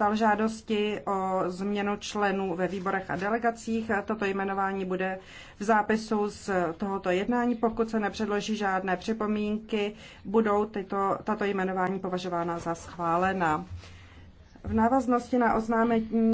dostal žádosti o změnu členů ve výborech a delegacích. Toto jmenování bude v zápisu z tohoto jednání. Pokud se nepředloží žádné připomínky, budou tyto, tato jmenování považována za schválená. V návaznosti na oznámení